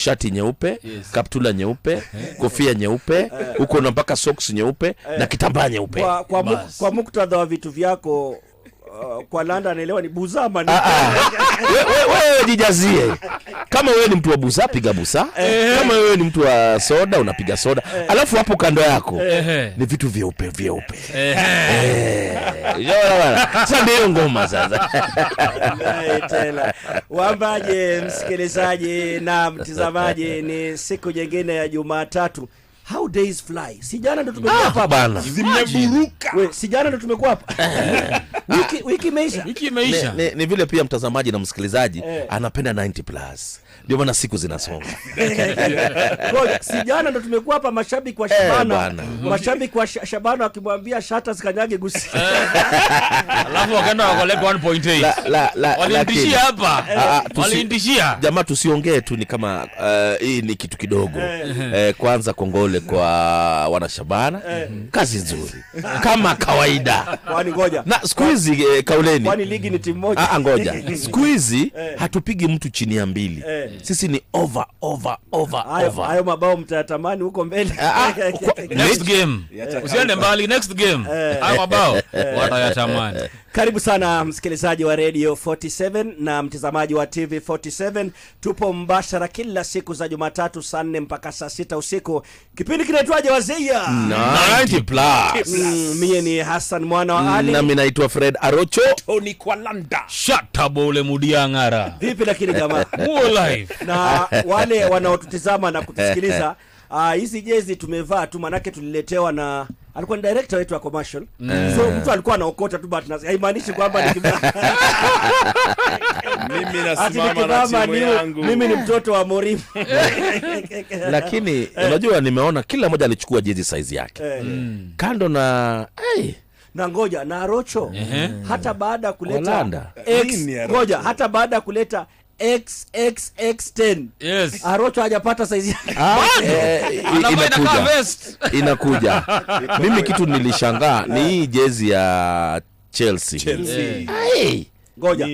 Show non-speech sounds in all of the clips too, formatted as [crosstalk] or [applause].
shati nyeupe yes. kaptula nyeupe kofia nyeupe huko eh. na mpaka socks nyeupe na eh. kitambaa nyeupe. Kwa, kwa, kwa muktadha wa vitu vyako Uh, kwa Landa anaelewa ni buzama ni wewe ah, ah. jijazie. Kama wewe ni mtu wa busa piga busa eh. kama wewe ni mtu wa soda unapiga soda, eh. alafu hapo kando yako eh. ni vitu vyeupe vyeupe. Sasa ndio ngoma sasa. Tena wambaje, msikilizaji na mtizamaji ni siku nyingine ya Jumatatu. How days fly. sijana ndo tumekuwa ah, hapa bana. Zimeburuka. We, sijana ndo tumekuwa hapa. [laughs] wiki wiki imeisha. Wiki imeisha. Ni, ni, ni vile pia mtazamaji na msikilizaji eh, anapenda 90 plus. Ndio maana siku zinasonga. si [laughs] sijana ndo tumekuwa hapa mashabiki wa eh, Shabana. Eh, mashabiki wa Shabana wakimwambia shata zikanyage gusi. Eh. Alafu wakaenda wakole 1.8. Walindishia hapa. Eh. Ah, ah, Walindishia. Jamaa tusiongee tu ni kama hii uh, ni kitu kidogo. Eh, kwanza Kongole Eh, kwa wanashabana mm kazi nzuri kama kawaida. na siku hizi eh, kauleni, kwani ligi ah, ah, ngoja [laughs] siku hizi eh. hatupigi mtu chini ya mbili, sisi ni over over over over. Hayo mabao mtayatamani huko mbele, ah, [laughs] next game, usiende mbali, next game hayo mabao [laughs] watayatamani. Karibu sana msikilizaji wa Radio 47 na mtazamaji wa TV 47, tupo mbashara kila siku za Jumatatu saa 4 mpaka saa 6 usiku Kipi kipindi kinaitwaje wazeia 90 plus mm, mie ni hasan mwana wa ali naitwa fred arocho toni kwalanda shatabo ule mudiang'ara vipi lakini jamaa [laughs] na wale wanaotutizama na kutusikiliza [laughs] ah, hizi uh, jezi tumevaa tu manake tuliletewa na alikuwa ni director wetu wa commercial mm. so mtu alikuwa anaokota tu but haimaanishi kwamba ni [laughs] mimi nasimama na timu yangu mimi ni mtoto wa Morim [laughs] lakini eh. unajua nimeona kila mmoja alichukua jezi size yake eh. mm. kando na hey, na ngoja na Rocho mm-hmm. hata baada ya kuleta ngoja hata baada ya kuleta yes. arocho hajapata ah, eh, eh, inakuja, [laughs] mimi kitu nilishangaa ni hii jezi ya chelsea, chelsea. Eh. ngoja ah,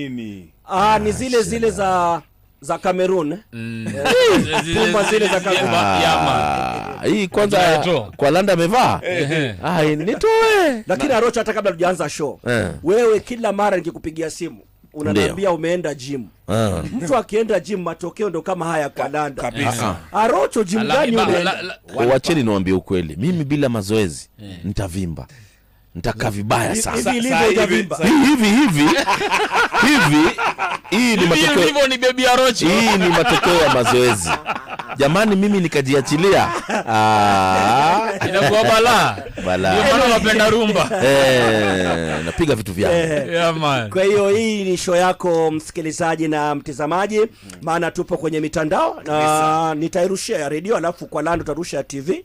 ni ah, zile zile za za Cameroon mm. [laughs] zile za ah, hii kwanza kwa landa amevaa nitoe lakini arocho hata kabla tujaanza show wewe kila mara nikikupigia simu unaniambia umeenda gym. Ah. Mtu akienda gym matokeo ndo kama haya kwa danda. Kabisa. Ah, ah. Arocho gym gani unaenda? Wacheni niwaambie ukweli. Mimi bila mazoezi eh. nitavimba ntakaa vibaya sana hivi hivi hii ni matokeo ya mazoezi jamani mimi nikajiachilia ah. eh, napiga vitu eh. kwa hiyo hii ni sho yako msikilizaji na mtizamaji maana tupo kwenye mitandao na nitairushia ya redio alafu kwa landa utarusha ya tv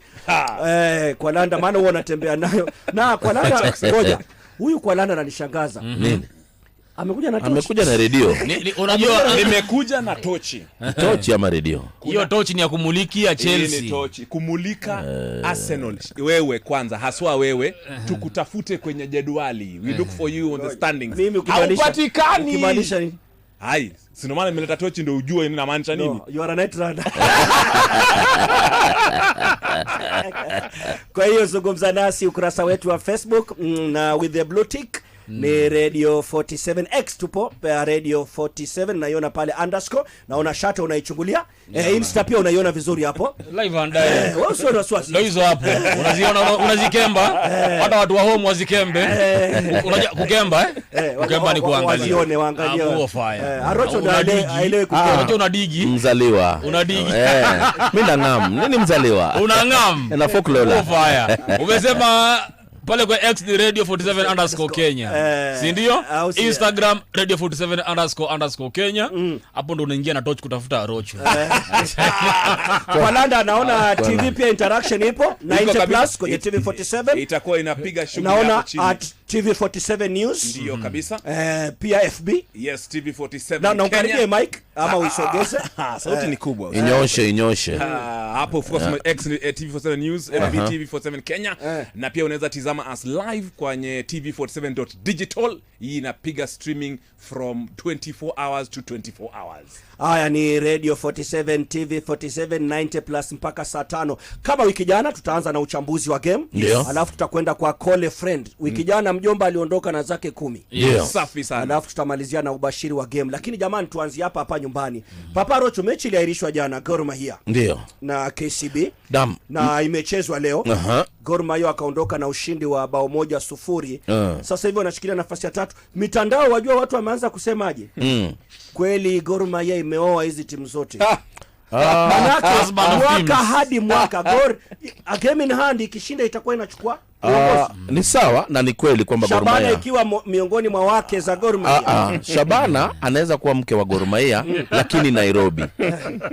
eh, kwa landa maana huwa unatembea nayo na kwa landa [laughs] ngoja huyu kwa London alishangaza mhm. nini? Amekuja na tochi. Amekuja na redio. [laughs] Unajua nimekuja na tochi. [laughs] Tochi ama redio. Hiyo tochi ni ya kumulikia Chelsea. Ni tochi kumulika uh... Arsenal. Wewe kwanza haswa wewe eh. tukutafute kwenye jedwali. We look for you on the standings. Haupatikani. Ukimaanisha nini? Hai, Sino maana nimeleta tochi ndo ujue nini namaanisha nini. No, you are a night runner. [laughs] Kwa hiyo zungumza nasi ukurasa wetu wa Facebook mm, na with the blue tick mm. ni radio 47x tupo pa eh, radio 47 naiona pale underscore naona shata unaichungulia yeah, eh, insta pia unaiona vizuri hapo [laughs] live and direct eh, usio na wasiwasi hizo hapo [laughs] unaziona unazikemba eh. hata watu wa home wazikembe eh. unajua kukemba eh kukemba ni kuangalia wazione waangalie ah, eh, arocho ndio aelewe kukemba arocho unadigi mzaliwa unadigi mimi ndangam nini mzaliwa unangam [laughs] na folklore umesema pale kwa X ni radio 47 underscore Kenya, eh, si ndio? Instagram radio 47 underscore underscore Kenya. Mm. Hapo ndo unaingia na torch kutafuta Rocho. Eh. [laughs] Kwa Landa naona ah, TV pia interaction ipo 90 plus kwenye TV 47 itakuwa inapiga shughuli hapo chini. TV47 News. Ndiyo mhm. kabisa. Eh, pia FB. Yes, TV47. Na naunganisha mike ama ah, uisogeze. [laughs] Ah, sauti eh. ni kubwa. Inyoshe, inyoshe. Ah, hapo of course X eh, TV47 News, FB TV47 uh-huh. Kenya eh. na pia unaweza tizama as live kwenye tv47.digital. Hii inapiga streaming from 24 hours to 24 hours. Haya ni Radio 47 TV 47 90 plus mpaka saa tano. Kama wiki jana tutaanza na uchambuzi wa game. Yes. Alafu tutakwenda kwa call a friend. Wiki mm. jana mjomba aliondoka na zake kumi. Yes. Safi sana. Alafu tutamalizia na ubashiri wa game. Lakini jamani tuanzie hapa hapa nyumbani. Mm. Papa rocho mechi iliahirishwa jana Gor Mahia. Ndio. Na KCB. Dam. Na mm. imechezwa leo. Uh -huh. Gor Mahia akaondoka na ushindi wa bao moja sufuri. Uh. Sasa hivi wanashikilia nafasi ya tatu. Mitandao wajua watu wameanza kusemaje? Mm. Kweli Gor Mahia imeoa hizi timu zote. Ah. Manake, mwaka hadi mwaka Gor game in hand ikishinda itakuwa inachukua Uh, ni sawa na ni kweli kwamba Shabana ikiwa miongoni mwa wake za Gor ah, Mahia. Uh, uh, Shabana anaweza kuwa mke wa Gor Mahia [laughs] lakini Nairobi.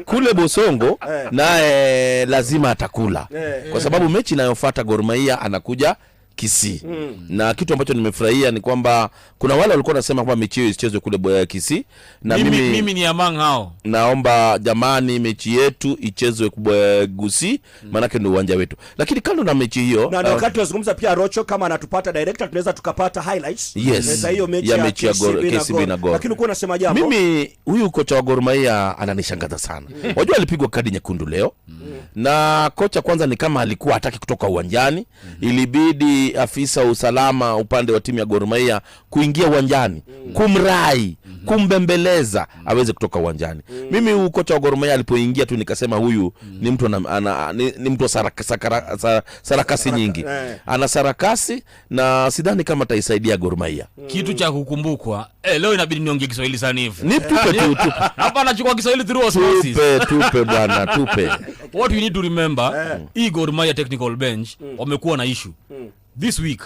Kule Bosongo eh. naye lazima atakula eh. kwa sababu mechi inayofuata Gor Mahia anakuja Kisii mm. na kitu ambacho nimefurahia ni kwamba kuna wale walikuwa wanasema kwamba mechi hiyo isichezwe kule Boya Kisii, na mimi, mimi, mimi ni among hao. Naomba jamani, mechi yetu ichezwe Boya Gusii mm. maanake ndio uwanja wetu. Lakini kando na mechi hiyo na, na uh, wakati uh, tunazungumza pia Rocho, kama anatupata director, tunaweza tukapata highlights yes, hiyo mechi ya, ya mechi ya KCB na Gor. Lakini uko unasema jambo, mimi huyu kocha wa Gor Mahia ananishangaza sana. Mm. Wajua alipigwa kadi nyekundu leo mm. na kocha kwanza ni kama alikuwa hataki kutoka uwanjani mm -hmm. ilibidi afisa wa usalama upande wa timu ya Gor Mahia kuingia uwanjani mm. kumrai mm-hmm. kumbembeleza mm-hmm. aweze kutoka uwanjani mm -hmm. mimi ukocha wa Gor Mahia alipoingia tu nikasema huyu mm. ni mtu ana, ana, ni, ni mtu saraka, sakara, sar, sarakasi nyingi eh. ana sarakasi na sidhani kama ataisaidia Gor Mahia kitu cha kukumbukwa eh, leo inabidi niongee Kiswahili sanifu ni tupe tu tupe [laughs] hapa anachukua Kiswahili through osmosis tupe tupe bwana tupe what you need to remember eh. hii Gor Mahia technical bench mm. wamekuwa na issue this week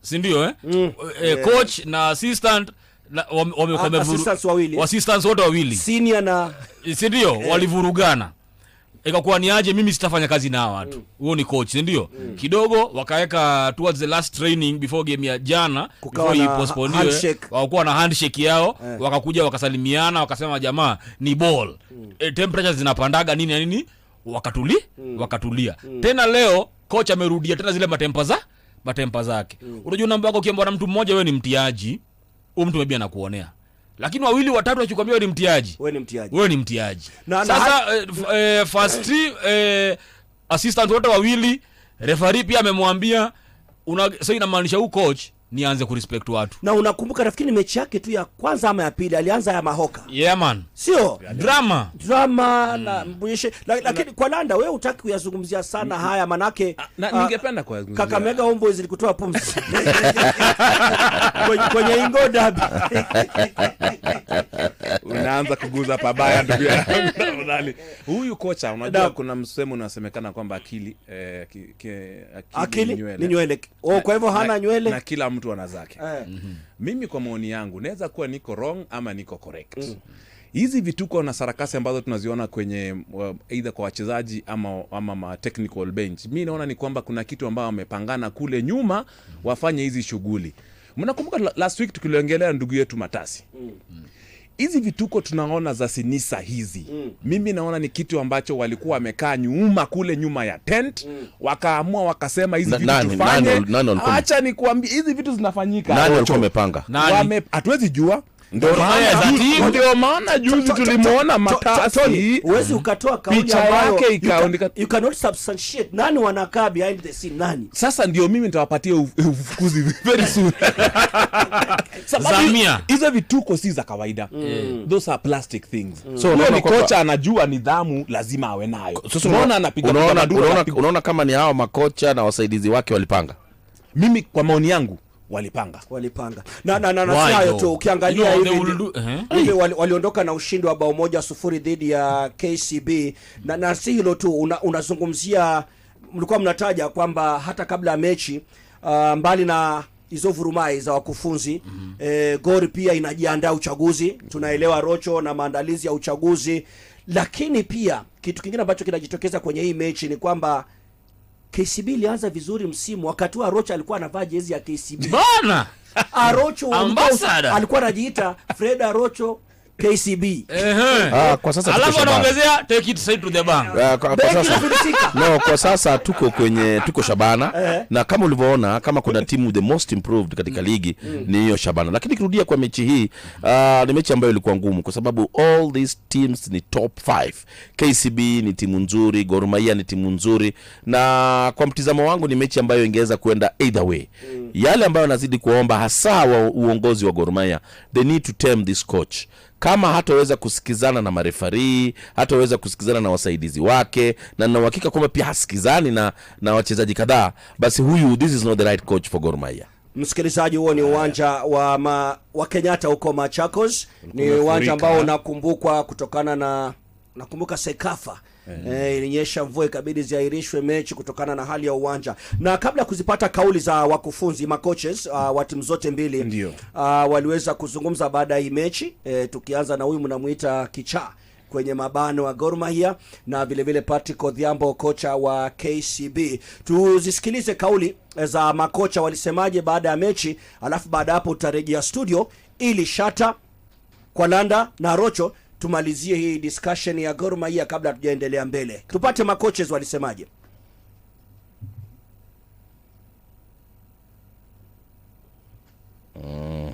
si ndio eh? mm. eh, eh coach yeah. na assistant ah, eh? assistants wote wawili senior si ndio walivurugana ikakuwa ni aje mimi sitafanya kazi na watu mm. huo mm. ni coach ndio mm. kidogo wakaweka towards the last training before game ya jana postpone eh? wakuwa na handshake yao eh. wakakuja wakasalimiana wakasema jamaa ni ball mm. e, temperatures zinapandaga nini na nini wakatuli mm. wakatulia mm. tena leo coach amerudia tena zile matempa za matempa zake mm. Unajua namba yako ukiambiwa na mtu mmoja wewe ni mtiaji, huyo mtu mebia nakuonea lakini wawili watatu wakikwambia wewe ni mtiaji, wewe ni mtiaji, sasa fast eh, eh, eh assistant wote wawili refari pia amemwambia sasa, so inamaanisha huyu coach nianze kurespect watu. Na unakumbuka nafikiri mechi yake tu ya kwanza ama ya pili alianza ya Mahoka. Yeah man. Sio drama. Drama mm. na mbuyeshe lakini la, kwa Landa wewe utaki kuyazungumzia sana mm. haya manake ah, na, uh, ningependa kwa Kakamega homeboy zilikutoa pumzi. [laughs] kwenye, kwenye Ingo [laughs] Unaanza kuguza pabaya ndugu yangu. Huyu kocha unajua da. kuna msemo unasemekana kwamba akili eh, ki, ki, akili, akili ni nywele. Oh, kwa hivyo hana nywele. Na kila mtu ana zake. mm -hmm. Mimi kwa maoni yangu naweza kuwa niko wrong ama niko correct. mm. Hizi vituko na sarakasi ambazo tunaziona kwenye aidha kwa wachezaji ama, ama ma technical bench, mi naona ni kwamba kuna kitu ambao wamepangana kule nyuma mm. wafanye hizi shughuli. Mnakumbuka last week tukiliongelea ndugu yetu Matasi. mm. mm hizi vituko tunaona za Sinisa hizi mm. Mimi naona ni kitu ambacho walikuwa wamekaa nyuma kule nyuma ya tent mm. Wakaamua wakasema hizi vitu tufanye. Acha kuambia hizi vitu zinafanyika, nani wamepanga, hatuwezi jua ndio maana juzi tulimwona Matasi, huwezi ukatoa kauli picha yake ikaonekana, wanakaa behind the scene, nani sasa. Ndio mimi nitawapatia ufukuzi [laughs] very soon, [laughs] hizo vituko si za kawaida, mm. those are plastic things. mm. So ni kocha anajua nidhamu lazima awe nayo. Sasa unaona anapiga, unaona kama ni hawa makocha na wasaidizi wake walipanga. Mimi kwa maoni yangu walipanga walipanga na na na hayo tu, ukiangalia hivi eh? hivi waliondoka na ushindi wa bao moja sufuri dhidi ya KCB na, na si hilo tu una, unazungumzia mlikuwa mnataja kwamba hata kabla ya mechi uh, mbali na hizo vurumai za wakufunzi mm -hmm. E, eh, Gor pia inajiandaa uchaguzi, tunaelewa Rocho na maandalizi ya uchaguzi, lakini pia kitu kingine ambacho kinajitokeza kwenye hii mechi ni kwamba KCB ilianza vizuri msimu wakati huo Arocho alikuwa anavaa jezi ya KCB. Bana! Arocho alikuwa anajiita Fred Arocho KCB. Eh, ah, kwa sasa alafu anaongezea take it straight to the bank. Ah, kwa, kwa sasa no, kwa sasa tuko kwenye tuko Shabana eh. Na kama ulivyoona kama kuna [laughs] timu the most improved katika mm. ligi mm. ni hiyo Shabana, lakini kirudia kwa mechi hii uh, ni mechi ambayo ilikuwa ngumu kwa sababu all these teams ni top 5. KCB ni timu nzuri, Gor Mahia ni timu nzuri, na kwa mtizamo wangu ni mechi ambayo ingeweza kuenda either way mm. Yale ambayo nazidi kuomba hasa wa uongozi wa Gor Mahia, they need to tame this coach kama hataweza kusikizana na marefarii, hataweza kusikizana na wasaidizi wake, na nina uhakika kwamba pia hasikizani na, na wachezaji kadhaa, basi huyu this is not the right coach for Gor Msikilizaji, huo ni uwanja wa, ma, wa Kenyatta huko Machakos. Ni uwanja ambao unakumbukwa kutokana na nakumbuka Sekafa Eh. eh, ilinyesha mvua ikabidi ziahirishwe mechi kutokana na hali ya uwanja. Na kabla ya kuzipata kauli za wakufunzi makoches uh, wa timu zote mbili uh, waliweza kuzungumza baada ya hii mechi eh, tukianza na huyu mnamuita kichaa kwenye mabano wa Gor Mahia na vile vile Patrick Odhiambo kocha wa KCB. Tuzisikilize kauli eh, za makocha walisemaje baada ya mechi, alafu baada hapo tutarejea studio ili Shata Kwalanda na Rocho tumalizie hii discussion ya Gor Mahia kabla hatujaendelea mbele, tupate makoches walisemaje. Mm.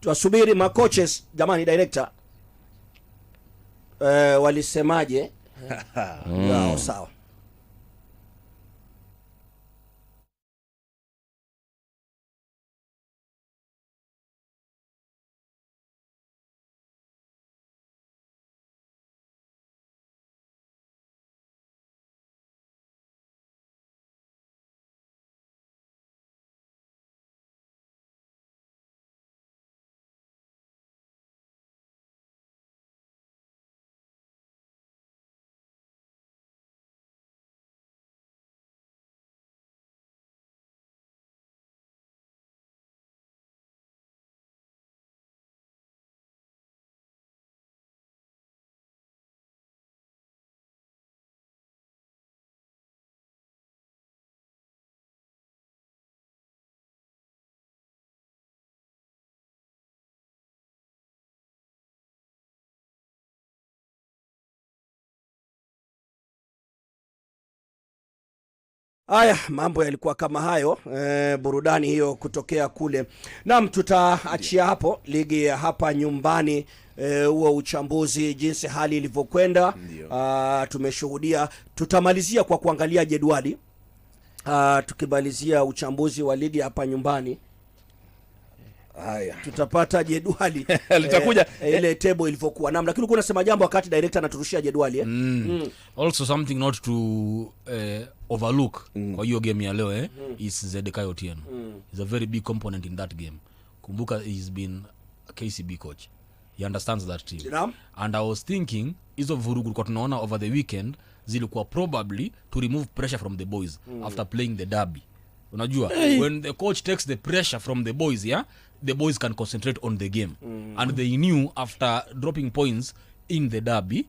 Tuwasubiri makoches jamani, director eh, walisemaje? mm. [laughs] Sawa. Haya, mambo yalikuwa kama hayo e, burudani hiyo kutokea kule. Naam, tutaachia hapo ligi ya hapa nyumbani eh, huo e, uchambuzi jinsi hali ilivyokwenda ah, tumeshuhudia. Tutamalizia kwa kuangalia jedwali, ah, tukimalizia uchambuzi wa ligi hapa nyumbani. Haya, tutapata jedwali [laughs] eh, litakuja eh, ile table ilivyokuwa nam, lakini uko unasema jambo wakati director anaturushia jedwali eh? mm. Mm. Also something not to eh, overlook mm. kwa hiyo game ya leo eh, mm. is Zedekiah Otieno mm. is a very big component in that game. Kumbuka he's been a KCB coach, he understands that team Dinam? and I was thinking hizo vurugu kwa tunaona over the weekend zilikuwa probably to remove pressure from the boys mm. after playing the derby unajua hey. when the coach takes the pressure from the boys yeah the boys can concentrate on the game mm. and they knew after dropping points in the derby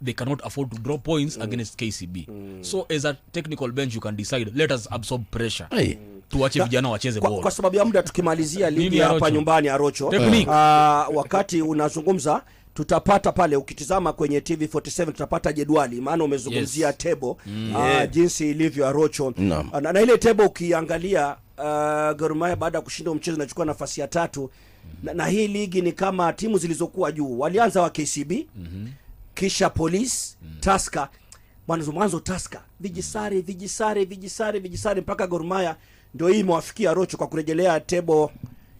they cannot afford to draw points mm. against kcb mm. so as a technical bench you can decide let us absorb pressure hey. tuwache vijana wacheze kwa, kwa sababu ya muda tukimalizia ligi hapa nyumbani arocho uh, wakati unazungumza tutapata pale ukitizama kwenye TV 47 tutapata jedwali, maana umezungumzia yes. tebo mm. uh, jinsi ilivyo Arocho no. Ah, na, na ile tebo ukiangalia uh, Gor Mahia baada ya kushinda mchezo inachukua nafasi ya tatu mhm. na, na hii ligi ni kama timu zilizokuwa juu walianza wa KCB mm -hmm. kisha Police mm -hmm. taska mwanzo mwanzo Tusker vijisare vijisare vijisare vijisare mpaka Gor Mahia ndio hii imewafikia Rocho kwa kurejelea tebo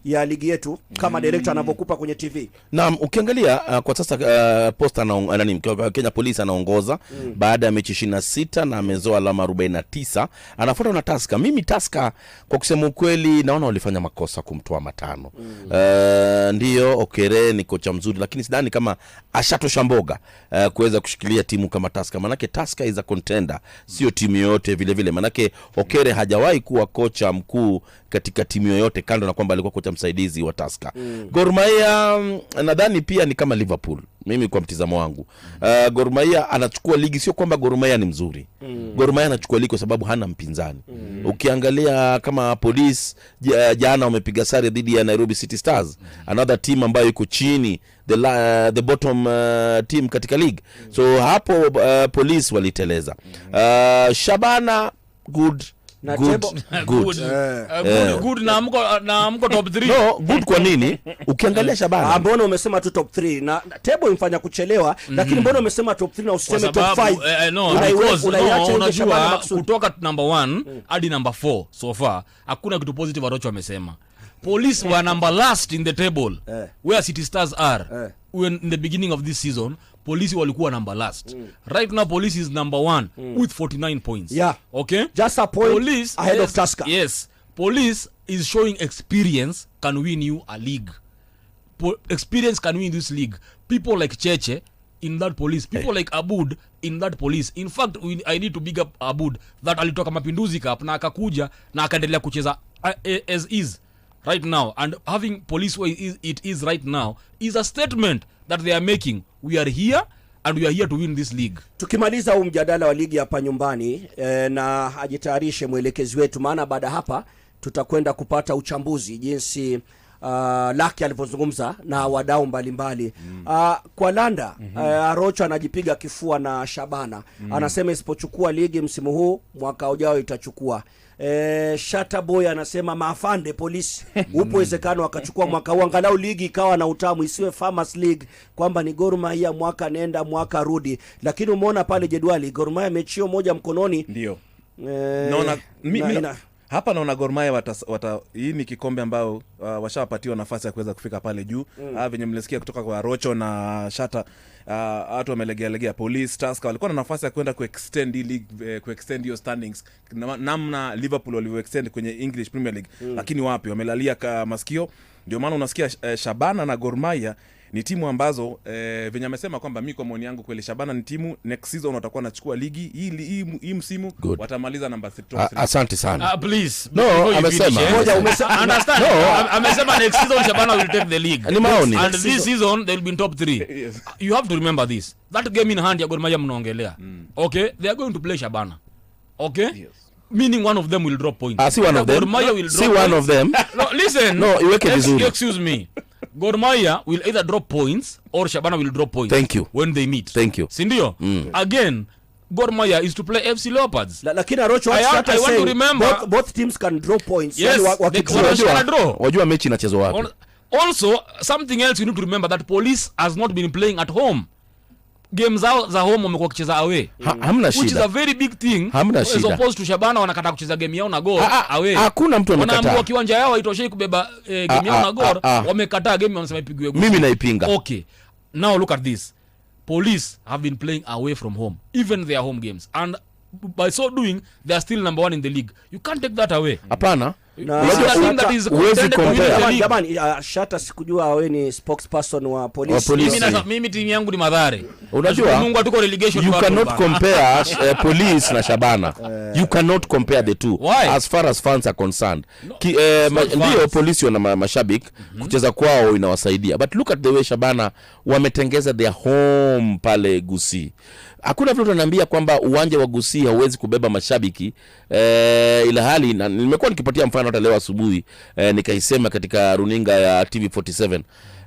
ya ligi yetu kama mm. director anavyokupa kwenye TV. Naam, ukiangalia uh, kwa sasa uh, Posta na uh, nani Kenya Police anaongoza mm. baada ya mechi 26 na amezoa alama 49, anafuatwa na taska Mimi taska kwa kusema ukweli naona walifanya makosa kumtoa Matano. Mm. Uh, ndio Okere ni kocha mzuri lakini sidhani kama ashatosha mboga uh, kuweza kushikilia timu kama taska Manake taska is a contender, sio timu yoyote vile vile. Manake Okere hajawahi kuwa kocha mkuu katika timu yoyote kando na kwamba alikuwa kocha msaidizi wa taska Mm. gormaia mm, nadhani pia ni kama Liverpool mimi kwa mtizamo wangu. Uh, gormaia anachukua ligi, sio kwamba gormaia ni mzuri. Mm. gormaia anachukua ligi kwa sababu hana mpinzani. Mm. Ukiangalia kama polis jana wamepiga sare dhidi ya Nairobi City Stars, mm. another team ambayo iko chini the, la, uh, the bottom uh, team katika league. Mm. So hapo uh, polis waliteleza. Uh, Shabana good na good, tebo, [laughs] uh, eh. eh. good. kwa nini ukiangalia [laughs] Shabana ah, umesema tu top 3 na tebo imfanya kuchelewa mm -hmm. lakini mbona umesema top 3 na usiseme top 5 eh, eh kutoka number 1 mm. hadi mm. number 4 so far hakuna kitu positive Arocho amesema police were number last in the table eh. where City Stars are eh. in the beginning of this season polisi walikuwa number last mm. right now police is number one mm. with 49 points yeah. okay just a point police ahead of tasker yes police is showing experience can win you a league po experience can win this league people like cheche in that police people hey. like abud in that police in fact we, i need to big up abud that alitoka mapinduzi cup na akakuja na akaendelea kucheza as is right now and having police way it is right now is a statement that they are making we are here and we are here to win this league. Tukimaliza huu mjadala wa ligi hapa nyumbani eh, na ajitayarishe mwelekezi wetu, maana baada hapa tutakwenda kupata uchambuzi jinsi uh, ah, laki alivyozungumza na wadau mbalimbali mm. uh, kwa Landa mm -hmm. uh, Arocho anajipiga kifua na Shabana mm. anasema isipochukua ligi msimu huu mwaka ujao itachukua eh, boy anasema maafande polisi, [laughs] hmm. upo uwezekano akachukua mwaka huu angalau ligi ikawa na utamu, isiwe Farmers League kwamba ni Gor Mahia mwaka nenda mwaka rudi. Lakini umeona pale jedwali Gor Mahia mechio moja mkononi ndio. Eh, naona mi, na, mi, na, hapa naona gormaya wata, hii ni kikombe ambayo uh, washawapatiwa nafasi ya kuweza kufika pale juu mm. Uh, venye mlisikia kutoka kwa Rocho na Shata ah, watu wamelegealegea Police Tusker walikuwa na nafasi ya kuenda kuextend hii league eh, kuextend hiyo standings namna Liverpool walivyoextend kwenye English Premier League mm. Lakini wapi wamelalia masikio, ndio maana unasikia eh, Shabana na gormaya ni timu ambazo e, venye amesema kwamba mi kwa maoni yangu kweli Shabana ni timu next season watakuwa wanachukua ligi hii hii, msimu watamaliza namba 3. Asante sana. Uh, please. No, amesema. Moja eh, umesema. Understand. No. Amesema next season Shabana will take the league. Ni maoni. And this season they will be in top 3. [laughs] Yes. You have to remember this. That game in hand ya Gor Mahia mnaongelea. Mm. Okay, they are going to play Shabana. Okay? Yes meaning one of them will drop points. Ah, see one of them. Will drop see one of them. No, listen. No, iweke vizuri. Excuse me. Gor Mahia will either drop points or Shabana will drop points. Thank you. When they meet. Thank you. Sindio? ndio? Mm. Again, Gor Mahia is to play FC Leopards. La, lakini Arocho I, I, want to remember both, both teams can draw points. Yes, yani wa, wa draw. Wajua mechi inachezwa wapi? Also, something else you need to remember that police has not been playing at home game zao za home wamekuwa wakicheza away. hamna shida. Which is a very big thing. Hamna shida. As opposed to Shabana wanakata kucheza game yao na Gor away. Hakuna mtu amekataa. Wanaambiwa kiwanja yao haitoshei kubeba eh, game yao na Gor, wamekataa game wanasema ipigwe gusi. Mimi naipinga. Okay. Now look at this. Police have been playing away from home, even their home games. And by so doing, they are still number one in the league. You can't take that away. Hapana. mm. Uh, shata sikujua wewe ni spokesperson wa polisi. timu yangu ni Madhare. Unajua [laughs] eh, police na Shabana. Eh. You cannot compare the two as far as are concerned. Eh, ndio polisi wana mashabiki, mhm. kucheza kwao inawasaidia, but look at the way Shabana wametengeza their home pale Gusii. Hakuna mtu ananiambia kwamba uwanja wa Gusii hauwezi kubeba mashabiki eh, ila hali nimekuwa nikipatia mfano mfano hata leo asubuhi eh, nikaisema katika runinga ya TV47.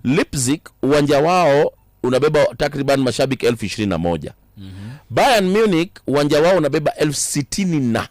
Leipzig uwanja wao unabeba takriban mashabiki elfu ishirini na moja. Mm-hmm. Bayern Munich uwanja wao unabeba elfu sitini na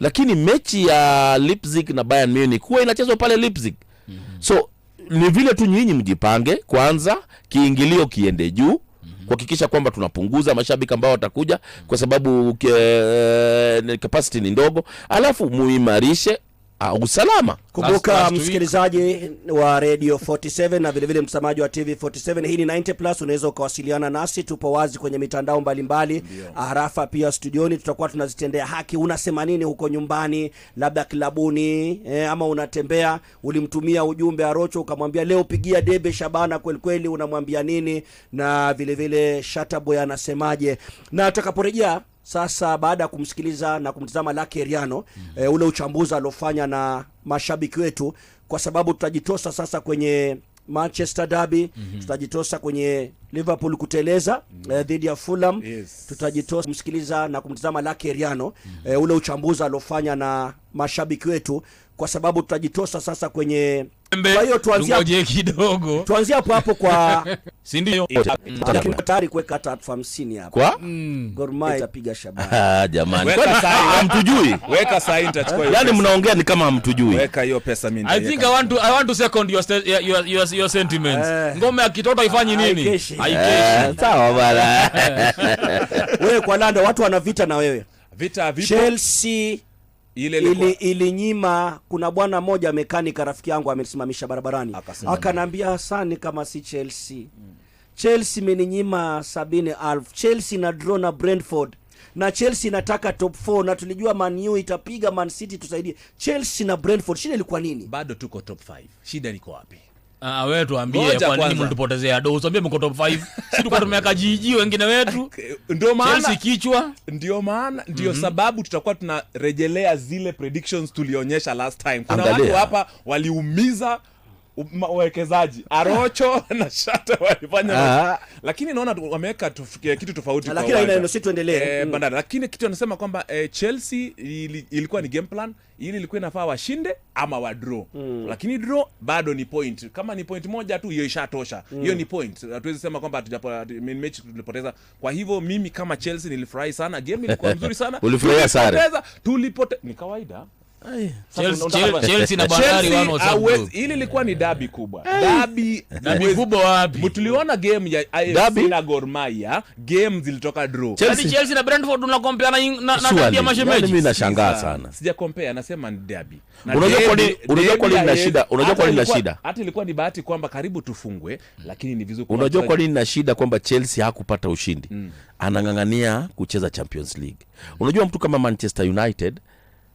lakini mechi ya Leipzig na Bayern Munich huwa inachezwa pale Leipzig. Mm-hmm. So ni vile tu nyinyi mjipange kwanza, kiingilio kiende juu mhm. kuhakikisha kwamba tunapunguza mashabiki ambao watakuja kwa sababu ke, eh, capacity ni ndogo, alafu muimarishe uh, usalama. Kumbuka msikilizaji wa Radio 47 na vilevile msamaji wa TV 47, hii ni 90 plus. Unaweza ukawasiliana nasi, tupo wazi kwenye mitandao mbalimbali harafa ah, mbali. Pia studioni tutakuwa tunazitendea haki. Unasema nini huko nyumbani, labda kilabuni eh, ama unatembea, ulimtumia ujumbe Arocho ukamwambia leo pigia debe Shabana kweli kweli, unamwambia nini? Na vilevile Shataboy anasemaje? Na tutakaporejea sasa baada ya kumsikiliza na kumtizama lake riano mm. eh, ule uchambuzi aliofanya na mashabiki wetu, kwa sababu tutajitosa sasa kwenye Manchester Derby mm -hmm. Tutajitosa kwenye Liverpool kuteleza mm -hmm. eh, dhidi ya Fulham yes. Tutajitosa kumsikiliza na kumtizama lake riano mm -hmm. eh, ule uchambuzi aliofanya na mashabiki wetu kwa sababu tutajitosa sasa kwenye kwa hiyo tuanzie kidogo, tuanzie hapo hapo kwa [laughs] si ndio? Mm. Lakini tayari kuweka hata elfu hamsini hapo kwa mm. Gor Mahia itapiga shabaha. Ah, jamani, weka sahihi, [laughs] hamtujui weka sahihi, nitachukua hiyo. Yani mnaongea ni kama hamtujui. Weka hiyo pesa mimi. I think I want to I want to second your your your, your sentiments. Eh. Ngome akitoto ifanye ah, nini? Haikeshi. Eh, sawa bwana, [laughs] wewe kwa Landa watu wana vita na wewe, vita vipo. Chelsea ile ili, ilinyima. Kuna bwana mmoja mekanika rafiki yangu amesimamisha barabarani akanaambia Hasani, kama si Chelsea mm. Chelsea imeninyima sabini Chelsea na draw na Brentford na Chelsea inataka top 4 na tulijua Man U itapiga Man City, tusaidie Chelsea na Brentford. Shida ilikuwa nini? Bado tuko top 5. Shida liko wapi? Ah, ah, wewe tuambie kwa nini mlitupotezea do? Usiambie mko top 5. [laughs] Sisi tuko tumeweka jiji wengine wetu. [laughs] Ndio maana Chelsea kichwa. Ndio maana ndio mm -hmm. sababu tutakuwa tunarejelea zile predictions tulionyesha last time. Kuna Angalia. watu hapa waliumiza wawekezaji Arocho [laughs] na Shata walifanya, ah. lakini naona wameweka kitu tofauti, lakini eh, mm. lakini kitu anasema kwamba e, Chelsea ili, ilikuwa ni game plan ili ilikuwa inafaa washinde ama wa draw mm. Lakini draw bado ni point, kama ni point moja tu hiyo ishatosha mm. hiyo mm. Ni point, hatuwezi sema kwamba mechi tulipoteza. Kwa hivyo mimi kama Chelsea nilifurahi sana, game ilikuwa nzuri sana. [laughs] Ulifurahia sare? Tulipoteza, tulipoteza ni kawaida Hili likuwa ni dabi kubwa, dabi [laughs] game ya na game zilitoka draw. Yaani yaani sana, nasema ni dabi. Unajua kwa nini? na shida? Hata ilikuwa ni bahati kwamba karibu tufungwe, lakini ni vizuri. Unajua kwa nini na shida kwamba Chelsea hakupata ushindi, mm. anang'ang'ania kucheza Champions League. Unajua mtu kama Manchester United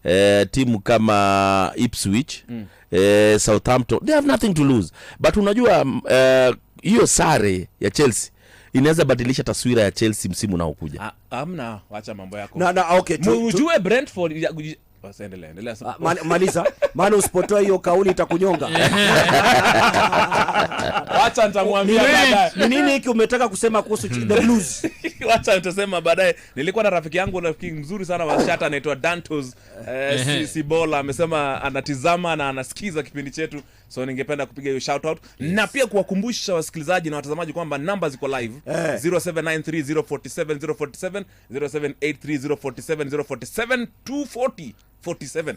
eh, timu kama Ipswich mm. eh, Southampton they have nothing to lose, but unajua mm, eh, hiyo eh, sare ya Chelsea inaweza badilisha taswira ya Chelsea msimu unaokuja. Amna, wacha mambo yako. Na, na, okay, tu, tu. Ujue Brentford Ah, maliza, maana usipotoa hiyo kauli itakunyonga. [laughs] nini hiki umetaka kusema kuhusu the blues? [laughs] Wacha nitasema baadaye. Nilikuwa na rafiki yangu, rafiki mzuri sana washata anaitwa Dantos eh, Sibola amesema anatizama na anasikiza kipindi chetu so ningependa kupiga hiyo shout out yes. na pia kuwakumbusha wasikilizaji na watazamaji kwamba namba ziko live eh. 0793047047 0783047047 240 47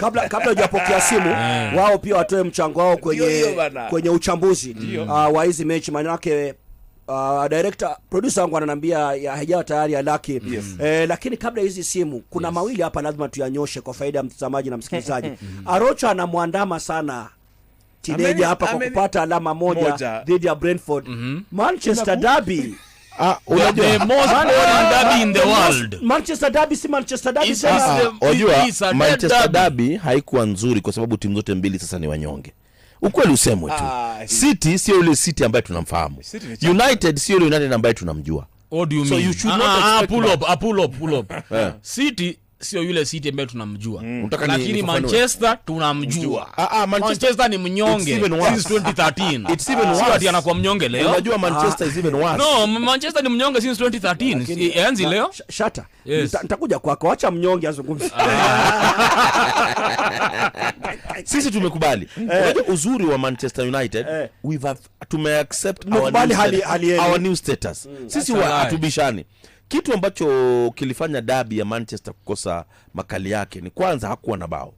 kabla kabla hujapokea simu [laughs] ah. wao pia watoe mchango wao kwenye kwenye uchambuzi uh, wa hizi mechi maanake uh, ah, director producer wangu ananiambia haijawa tayari ya laki yes. eh, lakini kabla hizi simu kuna yes. mawili hapa lazima tuyanyoshe kwa faida ya mtazamaji na msikilizaji [laughs] Arocha anamwandama sana tineja hapa kwa kupata alama moja dhidi ya Brentford. Mm -hmm. Manchester Derby Manchester ah, Derby haikuwa nzuri kwa sababu timu zote mbili sasa ni wanyonge. Ukweli usemwe tu. Ah, City sio ile City ambayo tunamfahamu. United sio ile United ambayo tunamjua. What do you so You should not ah, [laughs] eh. City sio yule City ambaye tunamjua mm. lakini Manchester tunamjua. Ah, ah, Manchester, Manchester ni mnyonge since anakuwa mnyonge leo. Unajua Manchester is even worse. No, Manchester ni mnyonge since 2013. Yaanzi leo? Shata. Yes. Nitakuja kwako. Acha mnyonge azungumzi ah. [laughs] Sisi tumekubali. Eh. Unajua uzuri wa Manchester United, eh. tumeaccept our new status. Mm. Sisi hatubishani. Kitu ambacho kilifanya dabi ya Manchester kukosa makali yake ni kwanza, hakuwa na bao.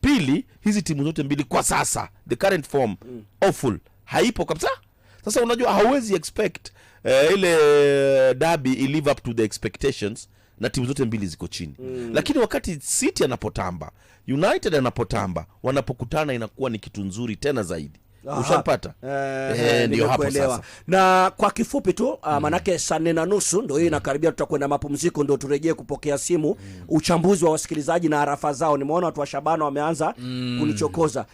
Pili, hizi timu zote mbili kwa sasa the current form mm. awful haipo kabisa. Sasa unajua hauwezi expect eh, ile dabi ilive up to the expectations na timu zote mbili ziko chini mm. Lakini wakati City anapotamba, United anapotamba, wanapokutana inakuwa ni kitu nzuri tena zaidi ushapata eh, eh, eh, ndio hapo sasa. Na kwa kifupi tu ah, mm. manake saa nne na nusu ndo hii mm. inakaribia, tutakwenda mapumziko, ndo turejee kupokea simu mm. uchambuzi wa wasikilizaji na arafa zao. Nimeona watu wa Shabana wameanza mm. kunichokoza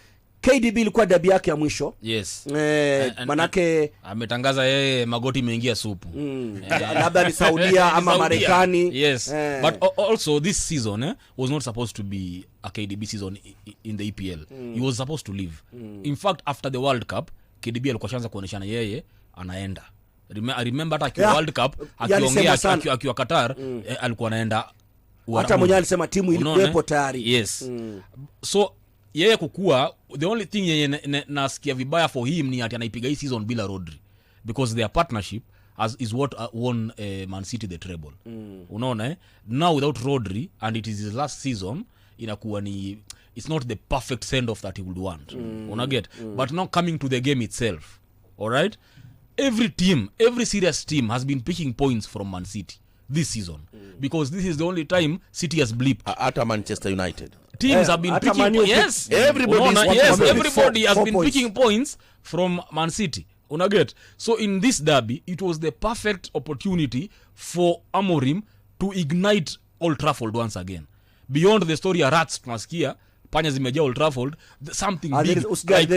KDB ilikuwa dabi yake ya mwisho yes. E, manake ametangaza yeye magoti imeingia supu mm. Eh. [laughs] labda ni Saudia ama Marekani yes. E. But also this season eh, was not supposed to be a KDB season in the EPL mm. He was supposed to leave mm. In fact after the World Cup KDB alikuwa shanza kuoneshana yeye anaenda remember hata akiwa yeah. World Cup akiongea akiwa, aki Qatar mm. eh, alikuwa anaenda hata mwenyewe alisema timu ilikuwepo tayari yes. mm. so yeye kukua the only thing yenye nasikia vibaya for him ni ati anaipiga hii season bila rodri because their partnership as is what uh, won uh, man city the treble mm. unaona eh? now without rodri and it is his last season inakuwa ni it's not the perfect send off that he would want mm. unaget mm. but now coming to the game itself all right every team every serious team has been picking points from man city this season mm. because this is the only time city has blipped hata manchester united teams eh, have been picking yes everybody yes everybody has been picking points from man city unaget so in this derby it was the perfect opportunity for amorim to ignite old trafford once again beyond the story ya rats tunasikia panya zimejaa old trafford something ah, uh, big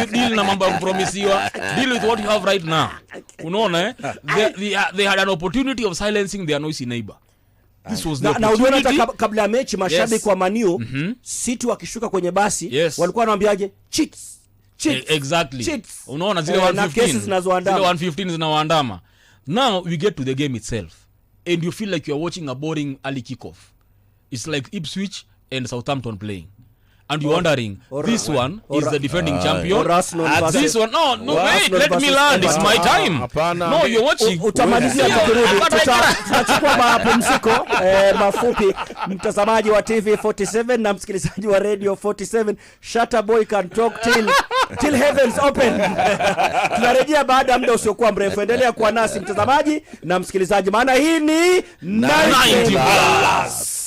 there na mambo ya kupromisiwa deal with what you have right now [laughs] unaona eh they, they, uh, they had an opportunity of silencing their noisy neighbor na, kabla ya mechi mashabiki yes. wa Manio mm -hmm. City wakishuka kwenye basi yes. walikuwa wanawambiaje e, Unaona zile eh, zinazoandama Now we get to the game itself and you feel like you are watching a boring early kickoff. It's like Ipswich and Southampton playing and you're wondering or, this one or, is the defending uh, champion at ah, this one no no wait let me learn it's my time apana. no you're watching utamalizia tukirudi tutachukua mapumziko eh, mafupi mtazamaji wa TV 47 na msikilizaji wa Radio 47 Shutter Boy can talk till till heavens open tunarejea baada ya muda usiokuwa mrefu endelea kuwa nasi mtazamaji na msikilizaji maana hii ni 90 plus